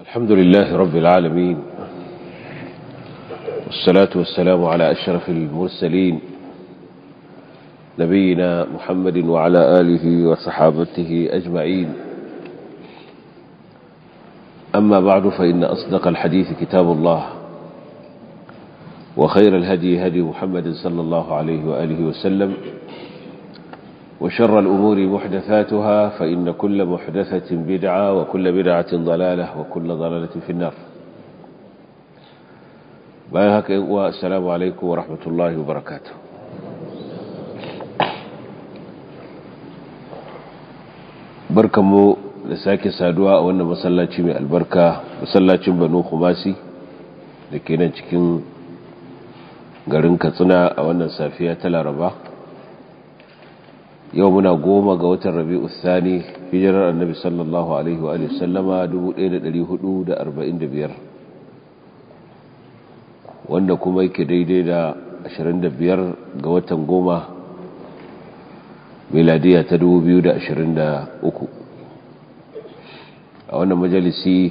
الحمد لله رب العالمين والصلاة والسلام على أشرف المرسلين نبينا محمد وعلى آله وصحابته أجمعين أما بعد فإن أصدق الحديث كتاب الله وخير الهدي هدي محمد صلى الله عليه وآله وسلم وشر الأمور محدثاتها فإن كل محدثة بدعة وكل بدعة ضلالة وكل ضلالة في النار بايهك والسلام عليكم ورحمة الله وبركاته barkanmu da sake saduwa a wannan masallaci mai albarka masallacin banu kumasi da ke nan cikin garin katsina a wannan safiya ta laraba yau muna goma ga watan rabi'u thani hijirar annabi sallallahu alaihi wa sallama 1445 wanda kuma yake daidai da 25 ga watan goma miladiya ta 2023 a wannan majalisi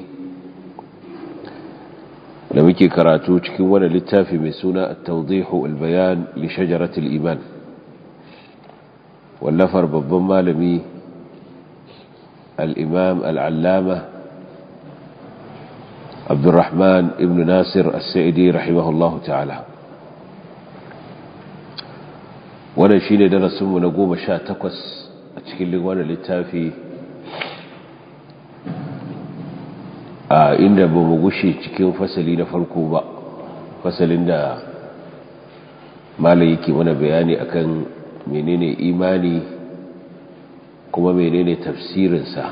da muke karatu cikin wani littafi mai suna at-tawdihu al-bayan li shajaratil iman wallafar babban malami al'imam al'allama abdurrahman ibn nasir as-sa'idi rahimahullahu ta'ala wannan shi ne darasinmu na goma sha takwas a cikin wani littafi a inda ba mu gushe cikin fasali na farko ba fasalin da malayi ke mana bayani akan menene imani kuma menene tafsirinsa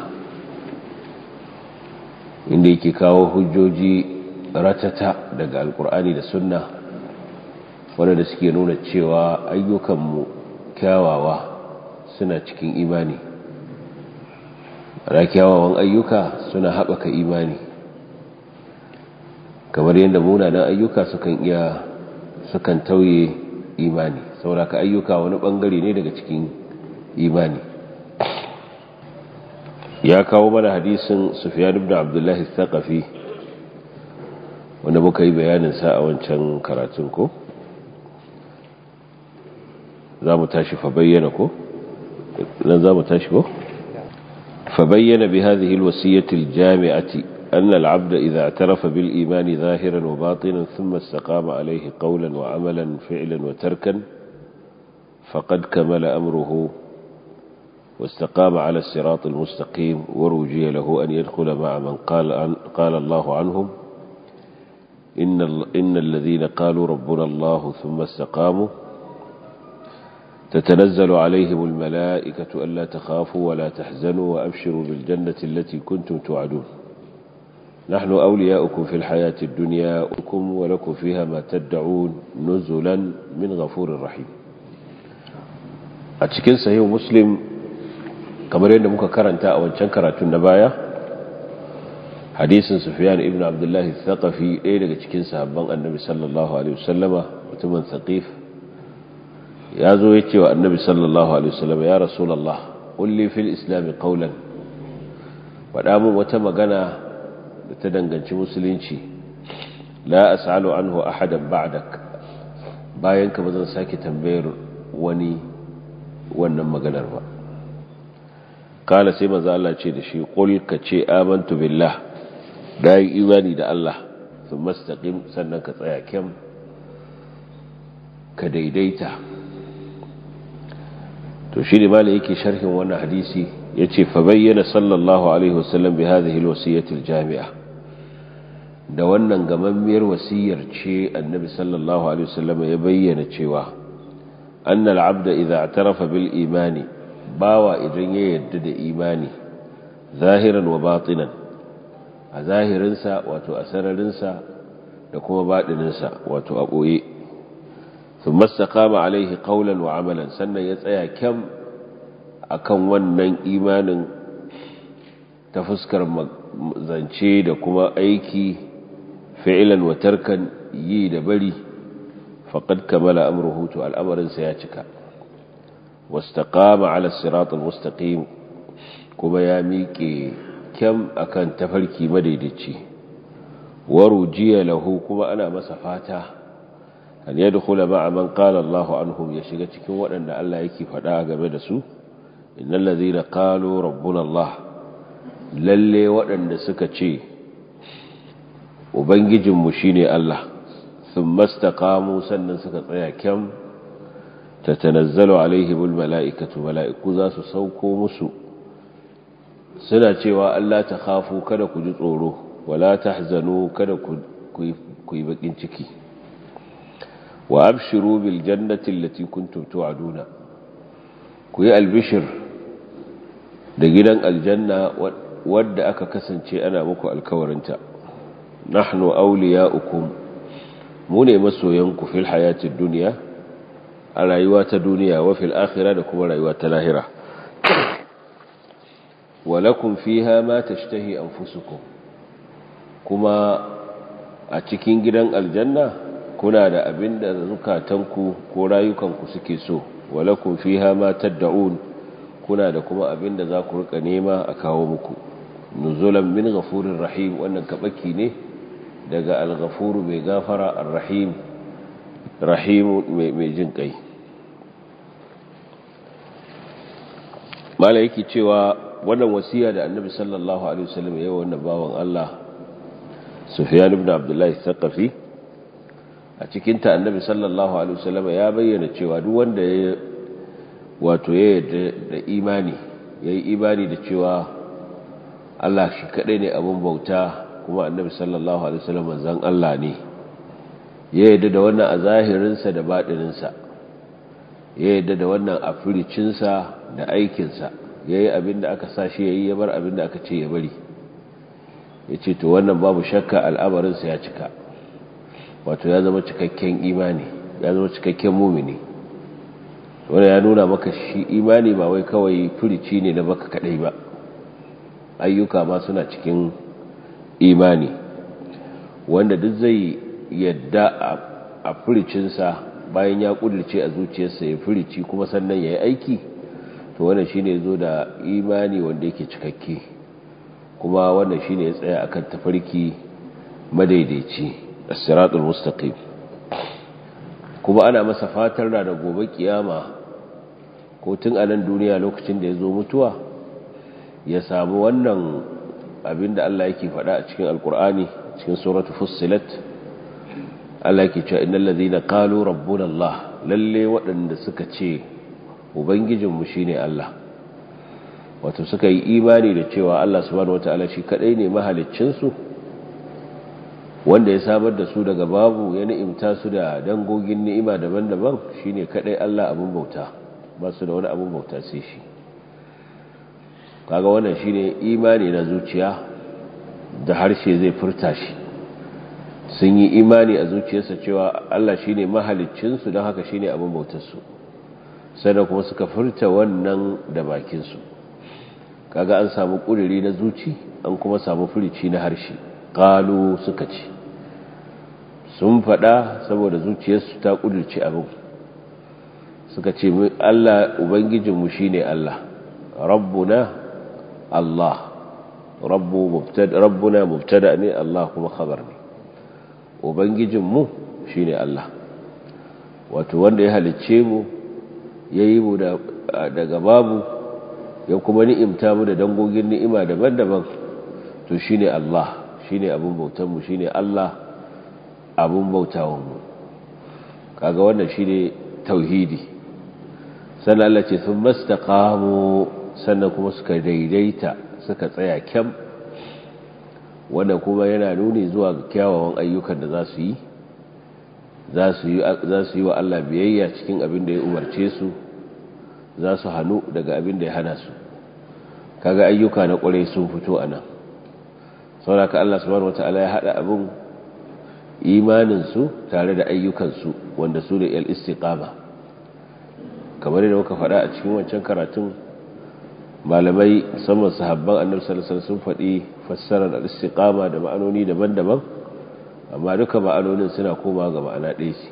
inda yake kawo hujjoji ratata daga alkur'ani da sunna wadanda suke nuna cewa ayyukanmu kyawawa suna cikin imani ra kyawawan ayyuka suna haɓaka imani kamar yadda munanan ayyuka sukan iya sukan tauye imani sauraka ayyuka wani bangare ne daga cikin imani ya kawo mana hadisin sufyan ibn abdullahi thaqafi wanda muka yi bayanin sa a wancan karatun ko za mu tashi fa bayyana ko nan za mu tashi ko fa bayyana bi hadhihi alwasiyati aljami'ati أن العبد إذا اعترف بالإيمان ظاهرا وباطنا ثم استقام عليه قولا وعملا فعلا وتركا فقد كمل أمره واستقام على الصراط المستقيم ورجي له أن يدخل مع من قال, عن قال الله عنهم إن, إن الذين قالوا ربنا الله ثم استقاموا تتنزل عليهم الملائكة ألا تخافوا ولا تحزنوا وأبشروا بالجنة التي كنتم توعدون نحن أولياؤكم في الحياة الدنيا ولكم فيها ما تدعون نزلا من غفور رحيم a cikin sahih muslim kamar yadda muka karanta a wancan karatun na baya hadisin sufyan ibn abdullahi thaqafi ɗaya daga cikin sahabban annabi sallallahu alaihi mutumin thaqif ya zo ya ce wa annabi sallallahu alaihi wasallama ya rasulullah ulli fil islam qawlan faɗa min wata magana da ta danganci musulunci la as'alu anhu ahadan ba'dak bayan ka bazan sake tambayar wani wannan maganar ba kala sai maza Allah ce da shi qul ka ce amantu billah da yi imani da Allah su mastaƙin, sannan ka tsaya kyam ka daidaita to shi ne malai yake sharhin wannan hadisi ya ce, fa bayyana sallallahu alaihi wasallam bi hadhihi alwasiyati jami'a. da wannan gamammiyar wasiyar ce annabi sallallahu alaihi wasallam ya bayyana cewa annal abda idza atarafa bil imani bawa idan ya yarda da imani zahiran wa a zahirinsa wato a sararinsa da kuma baɗininsa wato a ɓoye sun mastakama alaihi ƙaunar wa amalan sannan ya tsaya kyam a kan wannan imanin ta fuskar zance da kuma aiki fa'ilan wa tarkan yi da bari faqad kamala amruhu to al'amarin ya cika wastaqama ala siratul mustaqim kuma ya miƙe kyam akan tafarki madaidaici warujiya lahu kuma ana masa fata an yadkhula a man qala Allahu anhum ya shiga cikin waɗanda Allah yake faɗa game da su innal ladhina qalu rabbuna Allah lalle waɗanda suka ce ubangijinmu shine Allah sun mastakamu sannan suka tsaya kyam ta tanazzalo alaihibul mala’ikatu mala’iku za sauko musu suna cewa Allah ta kafu kada ku ji tsoro wala ta zano kada ku yi bakin ciki wa abshiru bil jannatin latikun tuntu a duna ku albishir da gidan aljanna wadda aka kasance ana muku alkawarinta nahnu auliya'ukum uku mu ne masoyanku fil hayatid duniya a rayuwa ta duniya wa fil akhirah da kuma rayuwa ta lahira walakum fiha ma tashtahi anfusukum kuma a cikin gidan aljanna kuna da abinda zukatanku ko rayukanku suke so walakum fiha ma tad'un kuna da kuma abinda za ku rika nema a kawo muku nuzulan min ghafurir rahim wannan kabaki ne daga alghafuru mai gafara arrahim rahimu mai jin kai mala yake cewa wannan wasiya da annabi sallallahu alaihi wasallam ya yi wannan bawan Allah Sufyan ibn Abdullahi Thaqafi a cikin ta annabi sallallahu alaihi wasallam ya bayyana cewa duk wanda ya wato ya da imani yayi imani da cewa Allah shi kadai ne abun bauta kuma annabi sallallahu alaihi wasallam manzon Allah ne ya yadda da wannan a zahirinsa da baɗininsa ya yadda da wannan a firicinsa da aikinsa ya yi abin da aka sa shi ya yi ya bar abin da aka ce ya bari ya ce to wannan babu shakka al'amarinsa ya cika wato ya zama cikakken imani ya zama cikakken mumini wanda ya nuna maka shi imani ba wai kawai firici ne na baka kaɗai ba ayyuka ma suna cikin imani wanda duk zai yadda a furicinsa bayan ya kudirce a zuciyarsa ya furici kuma sannan ya yi aiki to shi shine zo da imani wanda yake cikakke kuma shi shine ya tsaya akan tafarki madaidaici a siratun mustaqim kuma ana masa fatar da gobe kiyama ko tun anan duniya lokacin da ya zo mutuwa ya samu wannan abinda Allah yake faɗa a cikin alkur'ani cikin suratu fussilat Allah yake cewa innal ladhina qalu rabbuna Allah lalle waɗanda suka ce ubangijinmu shine Allah wato suka yi imani da cewa Allah subhanahu wataala shi kadai ne mahaliccin su wanda ya samar da su daga babu ya ni'imta su da dangogin ni'ima daban-daban shine kadai Allah abun bauta ba su da wani abun bauta sai shi kaga wannan shine imani na zuciya da harshe zai furta shi sun yi imani a zuciyarsa cewa Allah shine mahaliccinsu don haka shine abin bautarsu sannan kuma suka furta wannan da bakinsu kaga an samu ƙudiri na zuci an kuma samu furici na harshe ƙalu suka ce sun faɗa saboda zuciyarsu ta ƙudirce abin suka ce Allah Ubangijinmu shine Allah rabbuna Allah rabbu mubtada rabbuna mubtada ne Allah kuma khabar ne ubangijin mu shine Allah wato wanda ya halicce mu yayi mu daga babu ya kuma ni'imta mu da dangogin ni'ima daban-daban to shine Allah shine abun bautan mu shine Allah abun bautawan mu kaga wannan shine tauhidi sannan Allah ce sun mastaqamu sannan kuma suka daidaita suka tsaya kyam wanda kuma yana nuni zuwa kyawawan ayyukan da za su yi za su yi wa Allah biyayya cikin abin da ya umarce su za su hannu daga abin da ya hana su kaga ayyuka na kwarai sun fito a nan sauraka Allah su wata ala ya haɗa abin imaninsu tare da ayyukansu wanda su da yal kamar yadda muka faɗa a cikin wancan karatun malamai musamman sahabban annabi sallallahu alaihi sun faɗi fassarar al-istiqama da ma'anoni daban-daban amma duka ma'anonin suna koma ga ma'ana ɗaya ce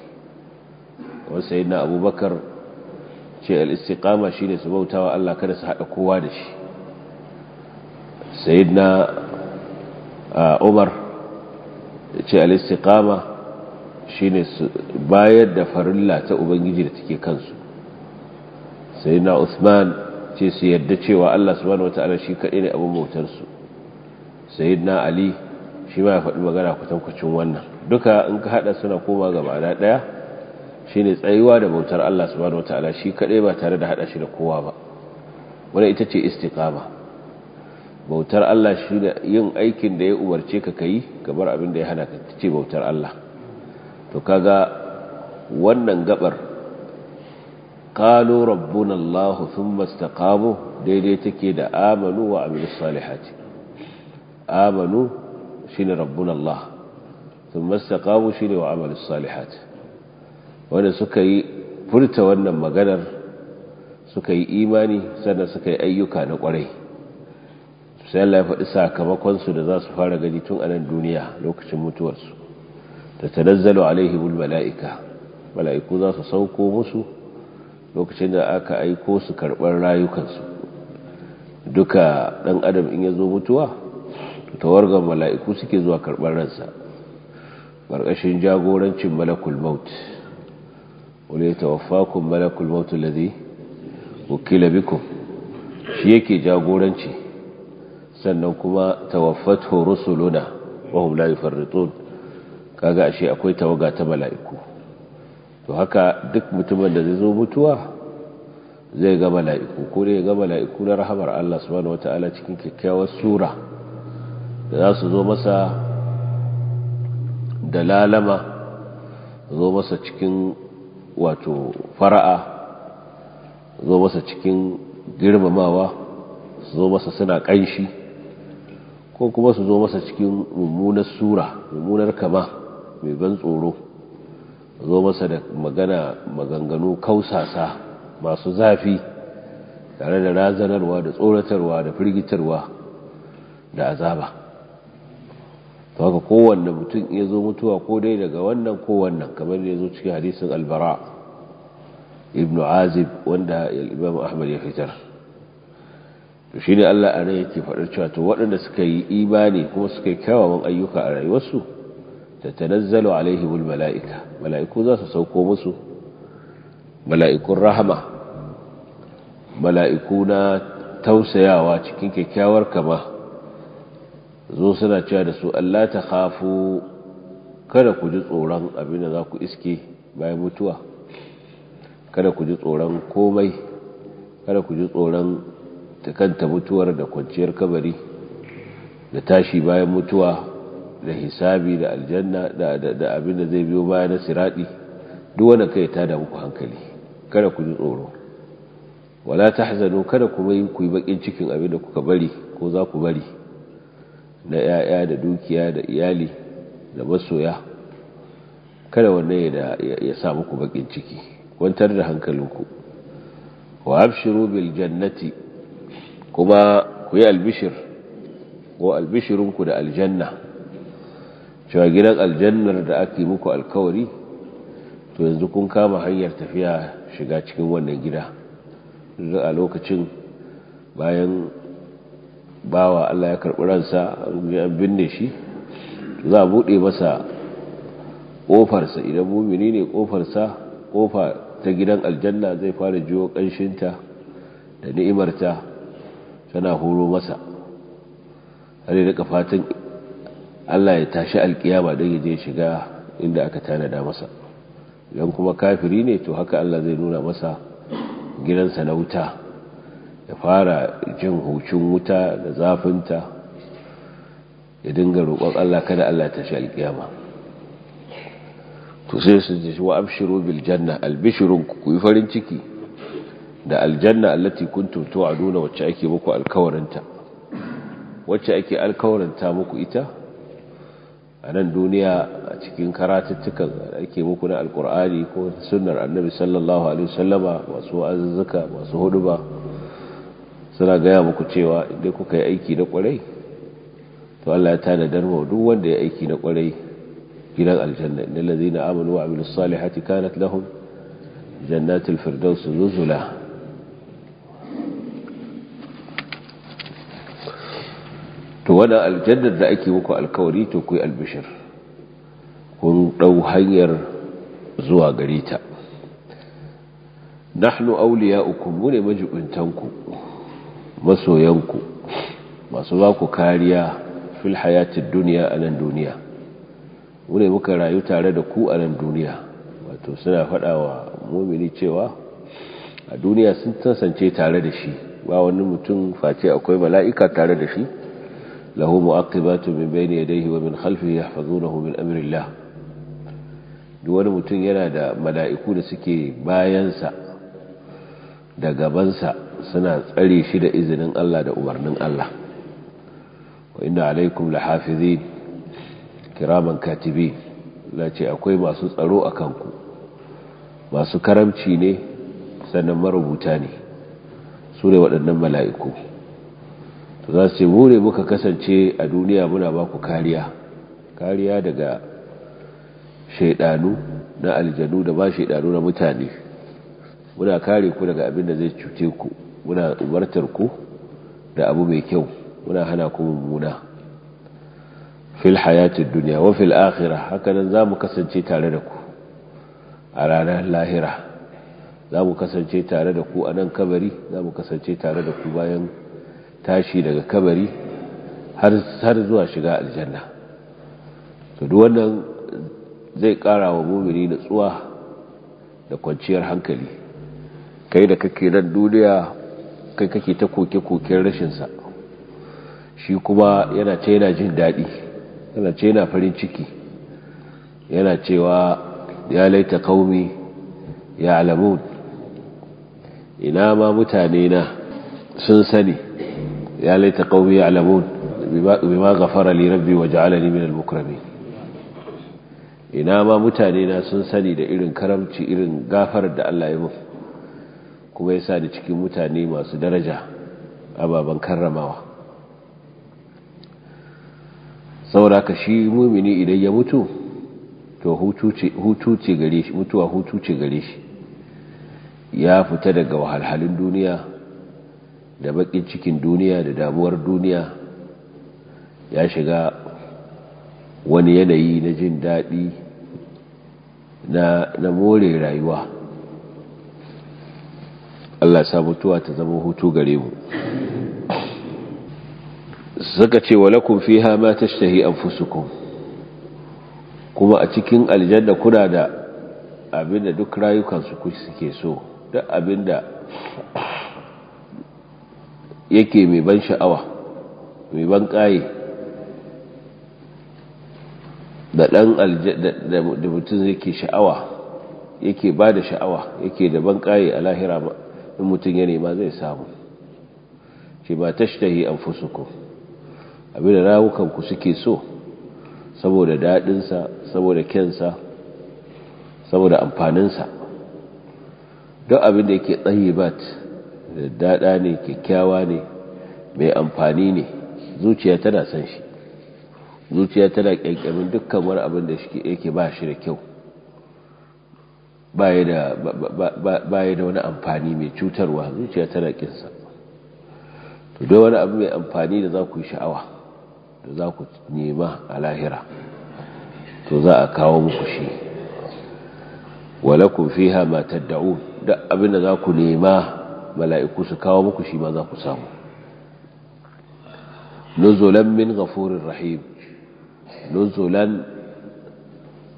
wani sayyidina abubakar ce al-istiqama shine su bautawa Allah kada su hada kowa da shi sayyidina umar ce al-istiqama shine bayar da farilla ta ubangiji da take kansu sayyidina usman ce su yadda cewa Allah subhanahu wataala shi kaɗai ne abin bautar su sayyidina ali shi ma ya faɗi magana kwatankwacin wannan duka in ka haɗa suna koma gaba na ɗaya shine tsayuwa da bautar Allah subhanahu wataala shi kaɗai ba tare da haɗa shi da kowa ba wani ita ce ba bautar Allah shi ne yin aikin da ya umarce ka kai gabar abin da ya hana ka ce bautar Allah to kaga wannan gabar qalu rabbuna allah thumma istaqamu daidai take da amanu wa amilus salihati amanu shine rabbuna allah thumma istaqamu shine wa amilus salihati wanda suka yi furta wannan maganar suka yi imani sannan suka yi ayyuka na kwarai sai Allah ya faɗi sakamakonsu da za su fara gani tun a nan duniya lokacin mutuwarsu ta tanazzalu bul mala'ika mala'iku za su sauko musu lokacin da aka aiko su karɓar rayukansu duka ɗan adam in ya zo mutuwa tawargar mala'iku suke zuwa karɓar ransa ƙarƙashin jagorancin malakul maut wani ya kun malakul maut lade wakila bikum shi yake jagoranci sannan kuma tawaffat rusuluna wahum layu yufarritun kaga ashe akwai tawaga ta mala'iku to haka duk mutumin da zai zo mutuwa zai ga mala'iku ko dai ga mala'iku na rahamar Allah subhanahu wata'ala cikin kyakkyawar sura da za su zo masa da lalama zo masa cikin wato fara'a zo masa cikin girmamawa su zo masa suna ƙanshi ko kuma su zo masa cikin mummunar sura mummunar kama mai ban tsoro zo masa da magana maganganu kausasa masu zafi tare da razanarwa da tsoratarwa da firgitarwa da azaba ta haka kowanne mutum ya zo mutuwa ko dai daga wannan ko kamar da ya zo cikin hadisin albara ibnu azib wanda imam ahmad ya fitar to ne Allah a rai yake faɗar cewa to waɗanda suka yi imani kuma suka yi kyawawan ayyuka a rayuwarsu tatanazzalu alaihi wal mala'ika mala'iku za su sauko musu mala'ikun rahama mala'iku na tausayawa cikin kyakkyawar kama zo suna cewa da su Allah ta khafu kada ku ji tsoron abin da za ku iske bayan mutuwa kada ku ji tsoron komai kada ku ji tsoron kanta mutuwar da kwanciyar kabari da tashi bayan mutuwa da hisabi da aljanna da abin da zai biyo baya na siradi duk wanda kai ta da muku hankali kada ku ji tsoro wala tahzanu kada kuma yi ku yi bakin cikin abin da kuka bari ko za ku bari na yaya da dukiya da iyali da masoya kada wannan ya ya sa muku bakin ciki kwantar da hankalinku wa abshiru bil jannati kuma ku yi albishir ko albishirinku da aljanna cewa gidan aljannar da ake muku alkawari to yanzu kun kama hanyar tafiya shiga cikin wannan gida a lokacin bayan bawa Allah ya karɓi ransa an binne shi za a buɗe masa ƙofarsa idan mumini ne ƙofarsa ƙofa ta gidan aljanna zai fara jiwo ƙanshinta da ni'imarta tana horo masa har da fatan Allah ya tashi alkiyama don yaje shiga inda aka tanada masa idan kuma kafiri ne to haka Allah zai nuna masa gidansa na wuta ya fara jin hucin wuta da zafinta ya dinga roƙon Allah kada Allah ya tashi alƙiyama to sai su ji wa abshiru bil janna albishirun ku yi farin ciki da aljanna allati kuntum tu'aduna wacce ake muku alkawarinta wacce ake alkawarinta muku ita a nan duniya a cikin karatuttukan ake muku na alkur'ani ko sunnar annabi sallallahu alaihi wasallama masu azuzzuka masu huduba suna gaya muku cewa inda kuka yi aiki na kwarai to Allah ya tanadar wa duk wanda ya aiki na kwarai gidan aljanna innal ladzina amanu wa amilus salihati kanat lahum jannatul firdaus zuzula. wadda aljaddar aljannar da ake muku alkawari to ku albishir kun ɗau hanyar zuwa gare ta nahnu awliya'ukum mu ne majibuntanku masoyanku masu ba ku kariya fil hayatid dunya a nan duniya mu ne muka rayu tare da ku anan nan duniya wato suna faɗa wa mumini cewa a duniya sun kasance tare da shi ba wani mutum face akwai mala'ika tare da shi له مؤقبات من بين يديه ومن خلفه يحفظونه من أمر الله Wani mutum yana da mala'iku da suke bayansa da gabansa suna tsare shi da izinin Allah da umarnin Allah wa inda alaikum la kiraman katibi la ce akwai masu tsaro a kanku masu karamci ne sannan marubuta ne su ne waɗannan mala'iku to za su bure muka kasance a duniya muna ba ku kariya kariya daga shaidanu na aljanu da ba shaidanu na mutane muna kare ku daga abin da zai cuce ku muna umartar ku da abu mai kyau muna hana ku mummuna fil hayatid duniya wa fil akhirah hakanan zamu kasance tare da ku a ranar lahira zamu kasance tare da ku a nan kabari zamu kasance tare da ku bayan tashi daga kabari har zuwa shiga aljanna to duk wannan zai kara wa mumini natsuwa da kwanciyar hankali kai da kake nan duniya kai kake ta koke-koken rashinsa shi kuma yana ce yana jin daɗi yana ce yana farin ciki yana cewa ya laita kaumi ya alamun ina ma mutane na sun sani ya laita qaumi ya'lamun bima ghafara li rabbi wa ja'alani minal ina ma mutane na sun sani da irin karamci irin gafarar da Allah ya musu kuma ya sa ni cikin mutane masu daraja ababen karramawa saboda ka shi mumini idan ya mutu to hutu ce gare shi mutuwa hutu ce gare shi ya fita daga wahalhalun duniya da bakin cikin duniya da damuwar duniya ya shiga wani yanayi na jin daɗi na more rayuwa Allah sa mutuwa ta zama hutu gare mu suka ce wa lakum fiha ma tashtahi anfusukum kuma a cikin aljanna kuna da abinda duk rayukansu ku suke so duk abinda yake mai ban sha'awa mai ban kaye da ɗan da mutum yake sha'awa yake ba da sha'awa yake da ban kaye a lahira ba in mutum ya nema zai samu ce ba ta shi an fusuku abinda rawukanku suke so saboda daɗinsa saboda kensa saboda amfaninsa don abinda yake tsaye bat daɗa ne kyakkyawa ne mai amfani ne zuciya tana son shi zuciya tana ƙyanƙyamin dukkan wani abin da yake ba shi da kyau ba baya da wani amfani mai cutarwa zuciya tana ƙinsa to don wani abu mai amfani da za ku yi sha'awa da za ku nema a lahira to za a kawo muku shi walakun fiha ma dau duk abin da za ku nema mala'iku su kawo muku shi ma za ku samu nuzulan min ghafurir rahim nuzulan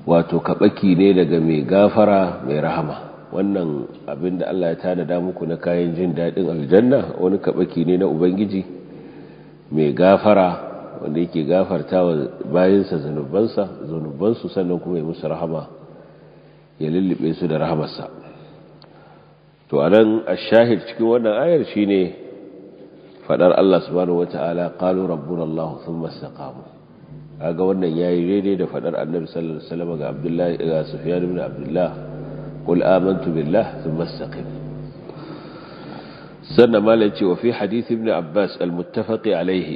wato kabaki ne daga mai gafara mai rahama wannan abin da Allah ya tanada muku na kayan jin daɗin aljanna wani kabaki ne na ubangiji mai gafara wanda yake gafarta wa bayansa zanubansa zanubansu sannan kuma ya musu rahama ya lullube su da rahamarsa to anan ash-shahid cikin wannan ayar shine fadar Allah subhanahu wataala qalu rabbuna Allah thumma istaqamu kaga wannan yayi daidai da fadar Annabi sallallahu alaihi wasallam ga Abdullah ga Sufyan ibn Abdullah qul amantu billah thumma istaqim sannan malai ce wa fi hadith ibn Abbas al-muttafaqi alaihi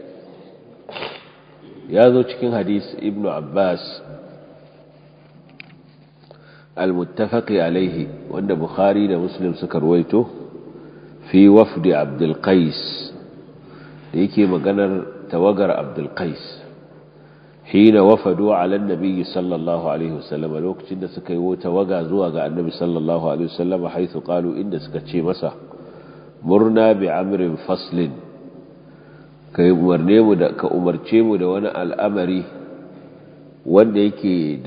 ya zo cikin hadith ibn Abbas al-muttafaqi alaihi wanda bukhari da muslim suka ruwaito fi wafdi abdul da yake maganar tawagar abdul hina wafadu ala annabi sallallahu alaihi wasallam lokacin da suka yi tawaga zuwa ga annabi sallallahu alaihi wasallam haythu qalu inda suka ce masa murna bi amrin faslin ka umarce mu da wani al'amari wanda yake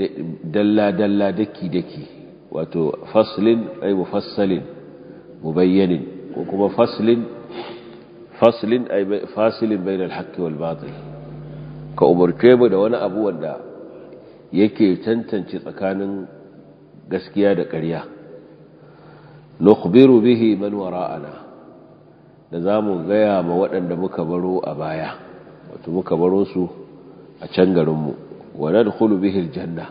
dalla-dalla daki-daki wato faslin ai mufassalin mubayyanin ko kuma faslin faslin ai fasilin bainal haqqi wal batil ka umarce mu da wani abu wanda yake tantance tsakanin gaskiya da ƙarya nukhbiru bihi man wara'ana da zamu gaya ma waɗanda muka baro a baya wato muka baro su a can garinmu wa nadkhulu bihi aljanna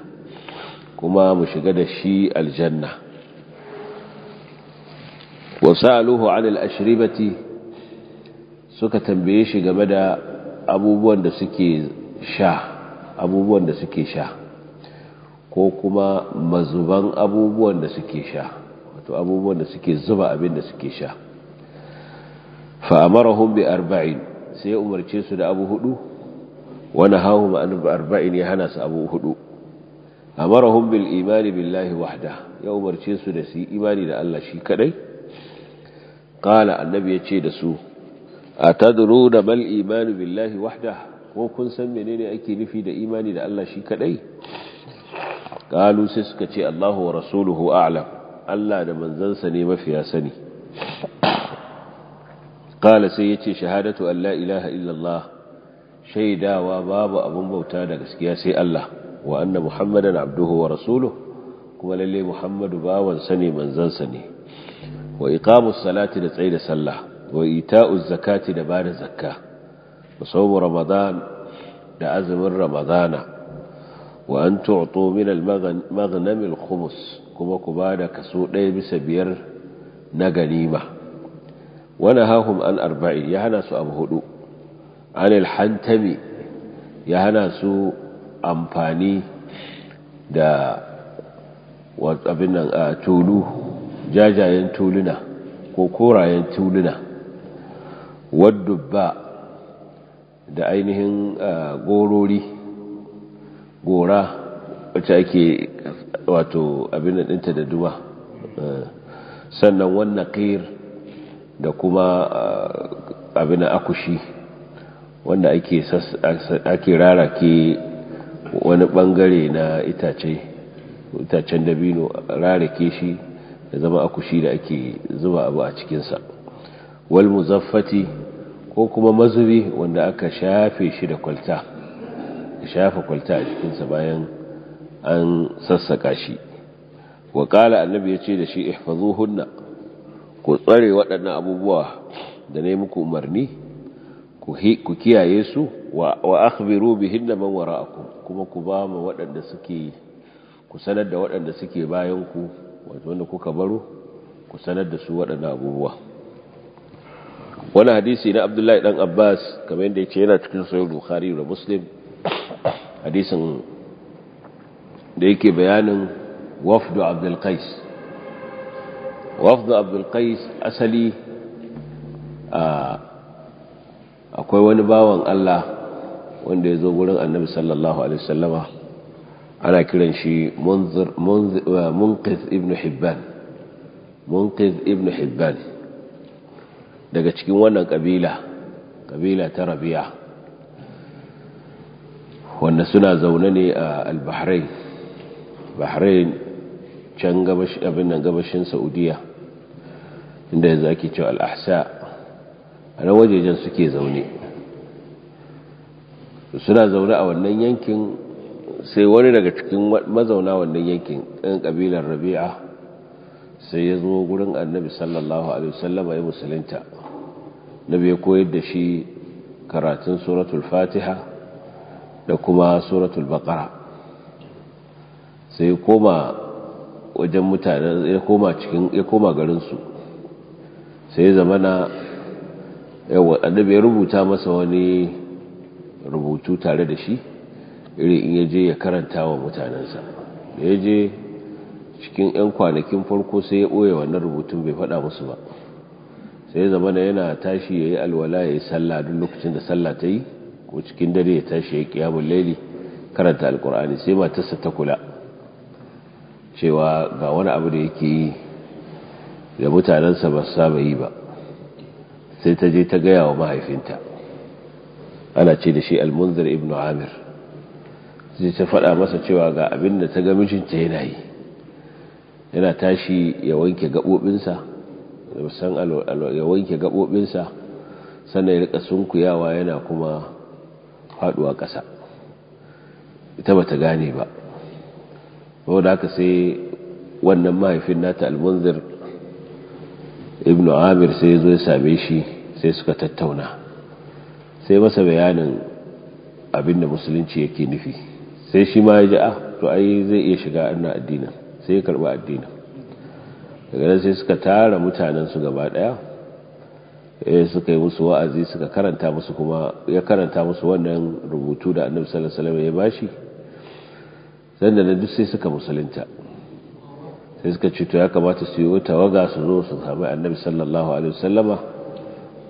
kuma mu shiga da shi aljanna wasu saluhu an ashiribati suka tambaye shi game da abubuwan da suke sha abubuwan da suke sha ko kuma mazuban abubuwan da suke sha wato abubuwan da suke zuba abin da suke sha fa amarahum bi arba'in sai umarce su da abu hudu wani hahu ma'anin arba'in ya hana su abu hudu amarahum bil imani billahi wahda ya umarce su da su imani da Allah shi kadai qala annabi yace da su atadruna mal imanu billahi wahda ko kun san menene ake nufi da imani da Allah shi kadai qalu sai suka ce Allahu wa rasuluhu a'lam Allah da manzansa ne mafiya sani qala sai yace shahadatu an la ilaha illallah shaidawa babu abun bauta da gaskiya sai Allah wa anna muhammadan abduhu wa kuma lalle muhammadu bawan sa ne ne wa iqamus salati da tsaida sallah wa ita'uz zakati da bada zakka wa sawm ramadan da azumin ramadana wa an tu'tu min al-maghnam al-khums kuma ku bada kaso ɗaya bisa biyar na ganima wa nahahum an arba'i ya hana su abu hudu anil hantami ya hana su amfani da abin a tulu jajayen tuluna ko korayen tuluna wadda da ainihin gorori gora wacce ake wato abin ɗinta da duma sannan wannan kair da kuma abin akushi wanda ake ake rarake wani bangare na itace itacen dabino rarake shi da zama akushi da ake zuba abu a cikinsa wal muzaffati ko kuma mazubi wanda aka shafe shi da kwalta shafa kwalta a cikinsa bayan an sassaka shi wa kala annabi ya ce da shi hunna, ku tsare waɗannan abubuwa da na yi muku umarni ku kiyaye su wa akhbiru bihin man wara'akum kuma ku ba mu waɗanda suke ku sanar da waɗanda suke bayan ku wato wanda kuka baro ku sanar da su wadanda abubuwa wani hadisi na Abdullahi dan Abbas kamar yadda yake yana cikin sahih Bukhari da Muslim hadisin da yake bayanin wafdu Abdul Qais wafdu Abdul Qais asali a akwai wani bawan Allah wanda ya zo wurin annabi sallallahu alaihi wasallama ana kiran shi uh, munqiz ibn hibban munqiz ibn hibban daga cikin wannan kabila kabila ta rabi'a wanda suna zaune ne a al-bahrain bahrain can gabashin abin nan gabashin saudiya inda yanzu ake cewa al-ahsa a wajejen suke zaune suna zaune a wannan yankin sai wani daga cikin mazauna wannan yankin ɗan ƙabilar rabi'a sai ya zo gurin annabi sallallahu alaihi wasallama ya musulunta nabi ya koyar da shi karatun suratul fatiha da kuma suratul baqara sai ya koma wajen mutane ya koma cikin ya koma garinsu sai ya zama na. yawa annabi ya rubuta masa wani rubutu tare da shi iri in yaje ya karanta wa mutanensa da ya je cikin 'yan kwanakin farko sai ya ɓoye wannan rubutun bai faɗa musu ba sai zama na yana tashi ya yi alwala ya yi sallah duk lokacin da sallah ta yi ko cikin dare ya tashi ya kiyamun laili karanta alkur'ani sai matarsa ta kula cewa ga wani abu da yake yi da mutanensa ba saba yi ba sai ta je ta gaya wa mahaifinta ana ce da shi almunzir ibn amir sai ta faɗa masa cewa ga abin da ta ga mijinta yana yi yana tashi ya wanke gaɓoɓinsa ya wanke gaɓoɓinsa sannan ya rika sunkuyawa yana kuma faɗuwa ƙasa ita ba ta gane ba ba wadda haka sai wannan mahaifin nata almunzir ibn amir sai ya zo ya same shi sai suka tattauna sai masa bayanin abin da musulunci yake nufi sai shi ma ya ji a ah, to ai zai iya shiga annan addinin sai ya karba addinin daga nan sai suka tara mutanensu gaba daya eh, suka yi musu wa'azi suka karanta musu kuma ya karanta musu wannan rubutu da annabi sallallahu alaihi wasallam ya bashi sanda na duk sai suka musulunta sai suka ce to ya kamata su yi tawaga su zo su sami annabi sallallahu alaihi wasallama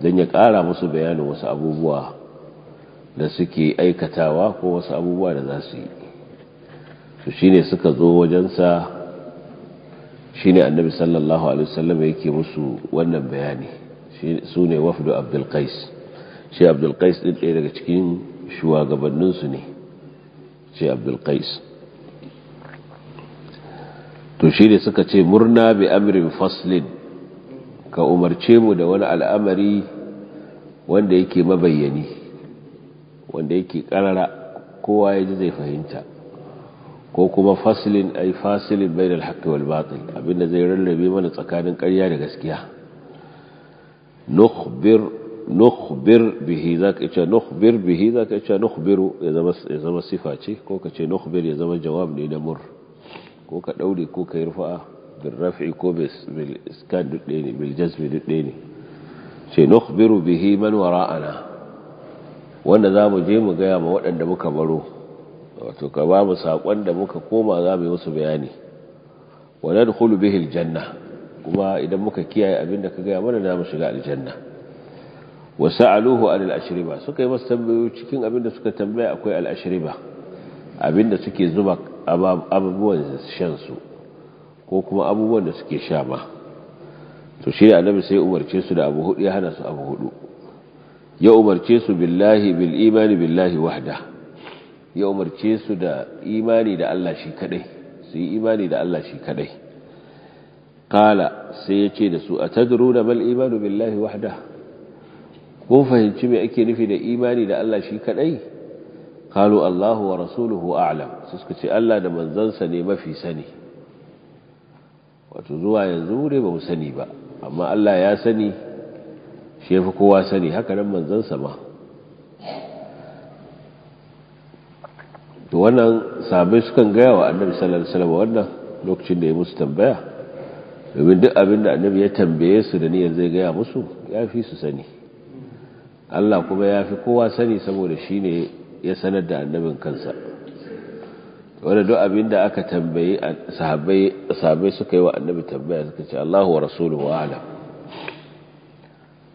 don ya ƙara musu bayanin wasu abubuwa da suke aikatawa ko wasu abubuwa da za su yi su shi ne suka zo wajensa shi ne annabi sallallahu alaihi wasallam yake musu wannan bayani su ne wafdu abdulkais shi abdulkais ɗin ɗaya daga cikin shugabanninsu ne shi abdulkais to shi ne suka ce murna bi amirin faslin ka umarce mu da wani al'amari wanda yake mabayyani wanda yake karara kowa ya ji zai fahimta ko kuma fasilin ay fasilin bainal haqqi wal batil abinda zai rarrabe mana tsakanin ƙarya da gaskiya nukhbir nukhbir bihi zaka ce nukhbir bihi zaka ce nukhbiru ya zama ya zama sifa ce ko ka ce nukhbir ya zama jawab ne na mur ko ka daure ko ka yi rufa bil raf'i ko bil iskan dudde ne bil jazmi dudde ne ce nukhbiru bihi man wara'ana wanda za mu je mu gaya ma waɗanda muka baro wato ka ba mu saƙon da muka koma za mu yi musu bayani wa nadkhulu bihi aljanna kuma idan muka kiyaye abinda da ka gaya mana za mu shiga aljanna wa sa'aluhu anil ashriba suka yi masa tambayoyi cikin abin da suka tambaya akwai al ashriba abin suke zuba abubuwan shan su ko kuma abubuwan da suke sha ma to shi da annabi sai umarce su da abu hudu ya hana su abu hudu ya umarce su billahi bil imani billahi wahda ya umarce su da imani da Allah shi kadai su yi imani da Allah shi kadai kala sai ya ce da su a tadruna mal imanu billahi wahda kun fahimci me ake nufi da imani da Allah shi kadai kalu Allahu wa rasuluhu a'lam su suka ce Allah da manzansa ne mafi sani wato zuwa yanzu ne ba mu sani ba amma Allah ya sani shi fi kowa sani haka nan manzansa ma to wannan sabai sukan gaya wa annabi sallallahu alaihi wasallam wannan lokacin da ya musu tambaya domin duk abin da annabi ya tambaye su da yanzu zai gaya musu ya fi su sani Allah kuma ya fi kowa sani saboda shi ne ya sanar da annabin kansa wanda duk abin da aka tambayi sahabbai suka yi wa annabi tambaya suka ce Allahu wa rasuluhu a'lam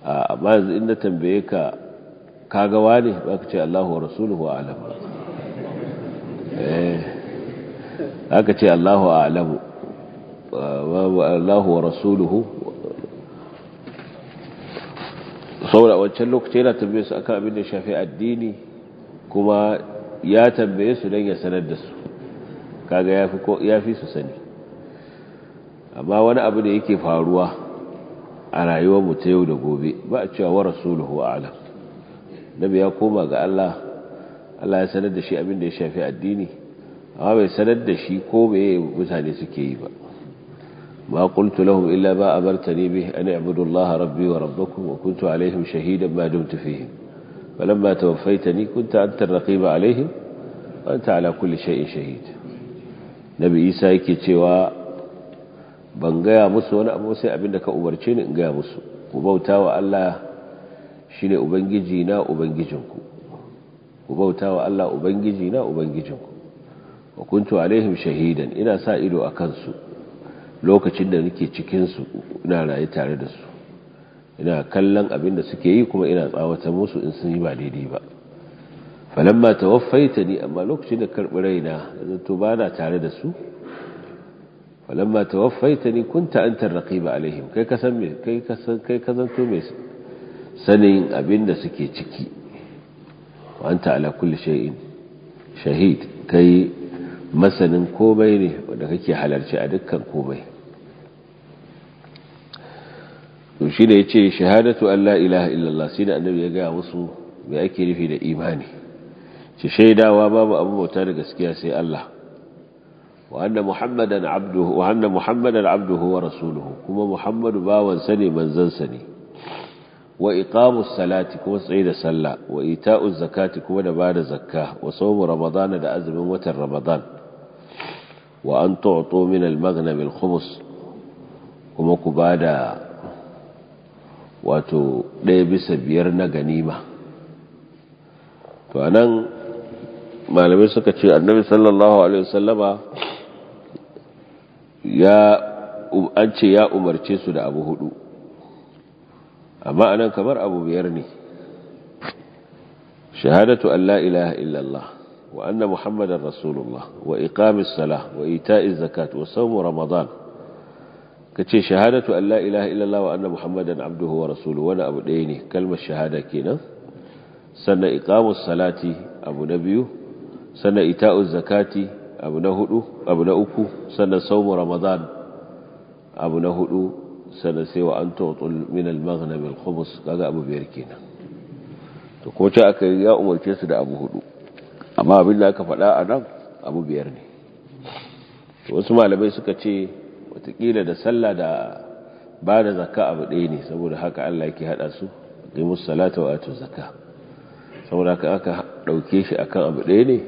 ah, amma yanzu in na tambaye ka kaga wani ba ka ce Allahu wa rasuluhu a'lam eh aka ce Allahu a'lamu ah, Allahu wa rasuluhu saboda wancan lokaci yana tambaye su akan abin da shafi addini kuma ya tambaye su don ya sanar da su kaga ya fi su sani amma wani abu da yake faruwa a rayuwar ta yau da gobe ba a cewa wa rasuluhu alam ya koma ga Allah Allah ya sanar da shi abinda ya shafi addini amma bai sanar da shi ko meye mutane suke yi ba ma qultu lahum illa ba amartani bih an a'budu Allah rabbi wa rabbakum wa kuntu alaihim shahidan ma dumtu fihim falamma tawaffaytani kunta anta raqiba alaihim وأنت على كل شيء شهيد nabi isa yake cewa ban gaya musu wani abu sai abinda ka umarce ni in gaya musu ku bauta wa Allah shine ubangiji na ubangijinku ku bauta wa Allah ubangiji na ubangijinku wa kuntu alaihim shahidan ina sa ido a kansu lokacin da nake cikin su ina raye tare da su ina kallon abin da suke yi kuma ina tsawata musu in sun yi ba daidai ba falamma tawaffaitani amma lokacin da karɓi raina ba na tare da su falamma tawaffaitani kunta anta raqiba alaihim kai ka san me kai ka kai ka me sanin abinda suke ciki wa ala shay'in shahid kai masanin komai ne wadda kake halarci a dukkan komai to shi da ce shahadatu Allah ilaha illallah sai da annabi ya gaya musu me ake nufi da imani shi shaidawa babu abu bauta da gaskiya sai Allah wa anna muhammadan abduhu wa muhammadan abduhu wa rasuluhu kuma muhammadu bawan sani ne manzon ne wa iqamus salati kuma tsaye da sallah wa ita'u zakati kuma da bada zakka wa sawmu ramadana da azumin watan ramadan wa an tu'tu min al-maghnam al-khums kuma ku da wato ɗaya bisa biyar na ganima to anan malamai suka ce annabi sallallahu alaihi wasallama ya um, an ce ya umarce su da abu hudu amma anan kamar abu biyar ne shahadatu an la ilaha illallah wa anna muhammadan rasulullah wa iqamis salah wa ita'iz zakat wa sawmu ramadan kace shahadatu an la ilaha illallah wa anna muhammadan abduhu wa rasuluhu wani abu ɗaya ne kalmar shahada kenan sannan iqamus salati abu na biyu sannan Ita'u zakati abu na hudu abu na uku sannan saumu ramadan abu na hudu sannan sai wa an tutul min al-maghnam al kaga abu biyar kenan to ko ta aka ya umarce su da abu hudu amma abin da aka faɗa a nan abu biyar ne wasu malamai suka ce watakila da sallah da ba da zakka abu ɗaya ne saboda haka Allah yake haɗa su qimus salata wa atu zakka saboda haka aka ɗauke shi akan abu ɗaya ne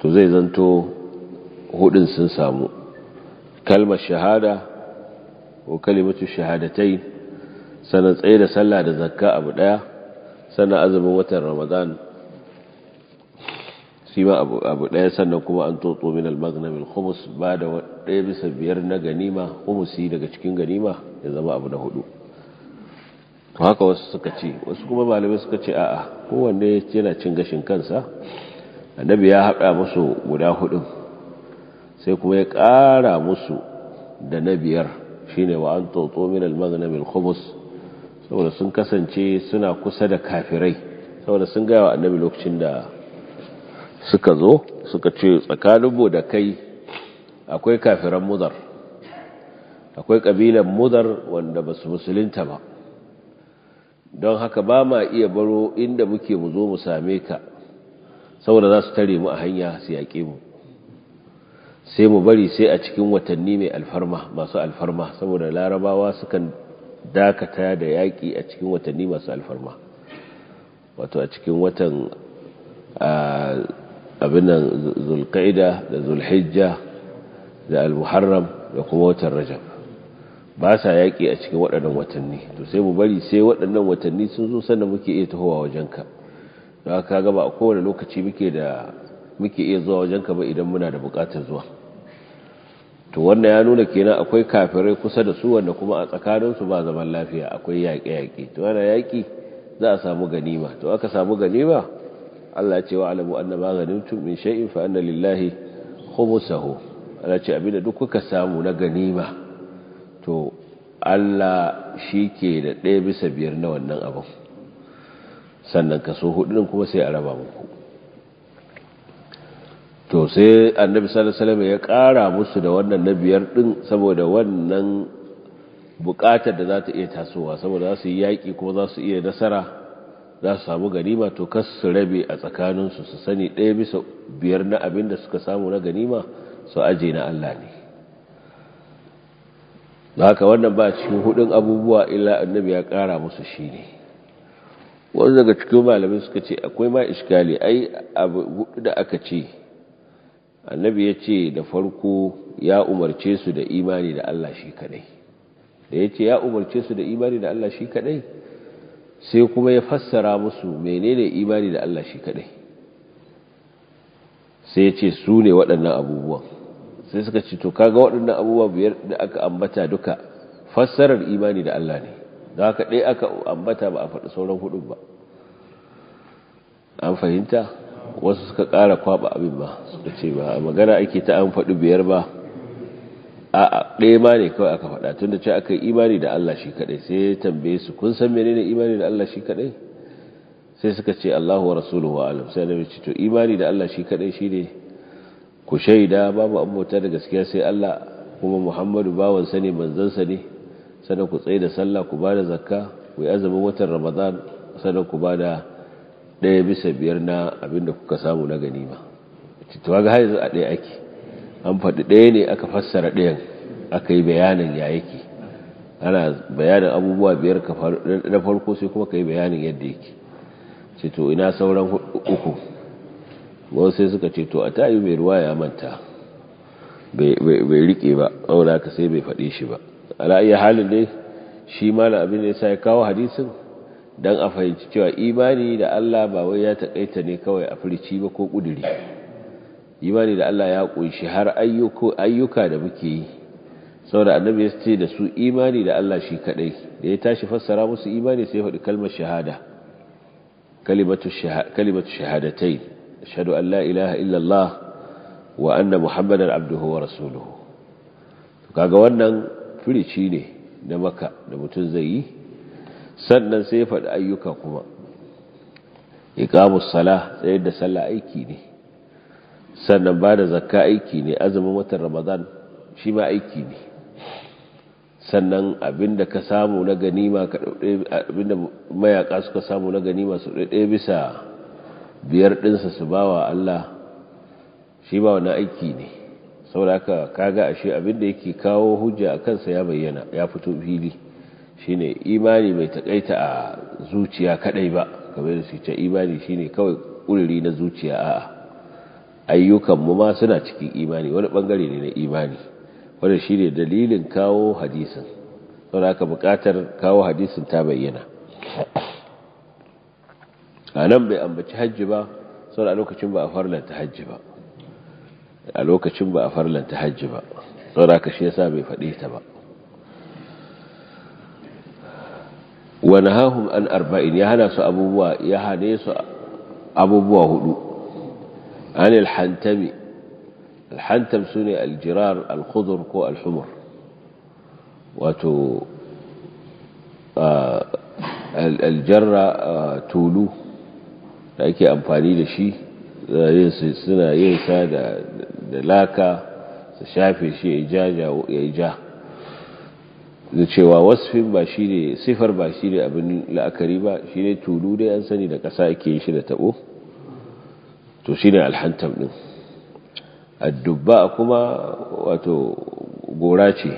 to zai zanto hudun sun samu kalmar shahada ko kalimatu shahadatai sannan tsaye da sallah da zakka abu daya sannan azumin watan ramadan shi ma abu daya sannan kuma an tsotso min al-maghnam al-khums ba da daya bisa biyar na ganima khumsi daga cikin ganima ya zama abu na hudu to haka wasu suka ce wasu kuma malamai suka ce a'a kowanne yana cin gashin kansa annabi ya haɗa musu guda hudun sai kuma ya ƙara musu da na biyar shine wa an toto min al khubus saboda sun kasance suna kusa da kafirai saboda sun gaya wa annabi lokacin da suka zo suka ce tsakaninmu da kai akwai kafiran muzar akwai kabilan muzar wanda basu musulunta ba don haka ba ma iya baro inda muke mu zo mu same ka saboda za su tare mu a hanya su yaƙe mu sai mu bari sai a cikin watanni mai alfarma masu alfarma saboda larabawa sukan dakata da yaƙi a cikin watanni masu alfarma wato a cikin watan abinan zulkaida da zulhijja da almuharram da kuma watan rajab ba sa yaƙi a cikin waɗannan watanni to sai mu bari sai waɗannan watanni sun zo sannan muke iya tahowa wajenka da ka gaba a kowane lokaci muke da muke iya zuwa wajen kama idan muna da bukatar zuwa to wannan ya nuna kenan akwai kafirai kusa da su wanda kuma a tsakaninsu ba zaman lafiya akwai yaƙe-yaƙe to ana yaƙi za a samu ganima to aka samu ganima Allah ya ce wa alamu anna ma ganimtum min shay'in fa anna lillahi khumsahu Allah ce da duk kuka samu na ganima to Allah shi ke da ɗaya bisa biyar na wannan abin sannan kaso hudu kuma sai a raba muku to sai annabi sallallahu alaihi wasallam ya kara musu da wannan na biyar din saboda wannan buƙatar da za ta iya tasowa saboda za su yi yaƙi kuma za su iya nasara za su samu ganima to kas su rabe a tsakaninsu su sani ɗaya bisa biyar na abin da suka samu na ganima su aje na Allah ne haka wannan ba cikin hudun abubuwa illa annabi ya ƙara musu shi ne wasu daga cikin malamai suka ce akwai ma iskali ai abu hudu da aka ce annabi ya ce da farko ya umarce su da imani da Allah shi kadai da ya ce ya umarce su da imani da Allah shi kadai sai kuma ya fassara musu menene imani da Allah shi kadai sai ya ce su ne waɗannan abubuwan sai suka ce to kaga waɗannan abubuwa biyar da aka ambata duka fassarar imani da Allah ne da haka ɗaya aka ambata ba a faɗi sauran hudun ba an fahimta wasu suka ƙara kwaɓa abin ba suka ce ba magana ake ta an faɗi biyar ba a ɗaya ma ne kawai aka faɗa tun da ce aka yi imani da Allah shi kaɗai sai tambaye su kun san ne imani da Allah shi kaɗai sai suka ce Allahu wa rasuluhu wa alam sai annabi ce to imani da Allah shi kaɗai shine ku shaida babu abota da gaskiya sai Allah kuma Muhammadu bawansa ne manzansa ne sannan ku tsaye da sallah ku bada zakka ku yi azumin watan ramadan sannan ku bada ɗaya bisa biyar na abin da kuka samu na ganima cikin waga haizu a ɗaya ake an faɗi ɗaya ne aka fassara ɗayan aka yi bayanin ya yake ana bayanin abubuwa biyar na farko sai kuma ka yi bayanin yadda yake cito ina sauran uku wani sai suka ceto a ta yi mai ruwa ya manta bai rike ba aura ka sai bai faɗi shi ba ala iya halin ne shi malam abin da ya kawo hadisin dan a fahimci cewa imani da Allah ba wai ya takaita ne kawai a furici ba ko kuduri imani da Allah ya kunshi har ayyuka da muke yi saboda annabi ya ce da su imani da Allah shi kadai da ya tashi fassara musu imani sai ya faɗi kalmar shahada kalimatu shahadatai ashhadu an la ilaha illallah wa anna muhammadan abduhu wa rasuluhu kaga wannan firici ne na maka da mutum zai yi sannan sai faɗi ayyuka kuma iqamus sala tsayar da sallah aiki ne sannan ba da zakka aiki ne azumin watan ramadan shi ma aiki ne sannan abinda ka samu na ganima ka abinda mayaka suka samu na ganima su ɗauɗe bisa biyar ɗinsa su bawa Allah shi ba wani aiki ne saboda haka kaga ashe abin da yake kawo hujja a kansa ya bayyana ya fito fili shine imani bai takaita a zuciya kadai ba kamar da su ce imani shine kawai kuriri na zuciya a'a ayyukan mu ma suna cikin imani wani bangare ne na imani wanda shine dalilin kawo hadisin saboda haka bukatar kawo hadisin ta bayyana a nan bai ambaci hajji ba saboda lokacin ba a farlanta hajji ba a lokacin ba a farlanta hajji ba saboda ka shi yasa bai faɗi ta ba wa nahahum an arba'in ya hana su abubuwa ya hane su abubuwa hudu an alhantami alhantam sune aljirar alkhudur ko alhumur wato aljarra tulu da ake amfani da shi suna yin sa da laka su shafe shi ya yi ja da cewa wasfin ba shi ne sifar ba shi ne abin la'akari ba shi ne tulu dai an sani da ƙasa ake shi da tabo to shi ne alhantam ɗin addubba kuma wato gora ce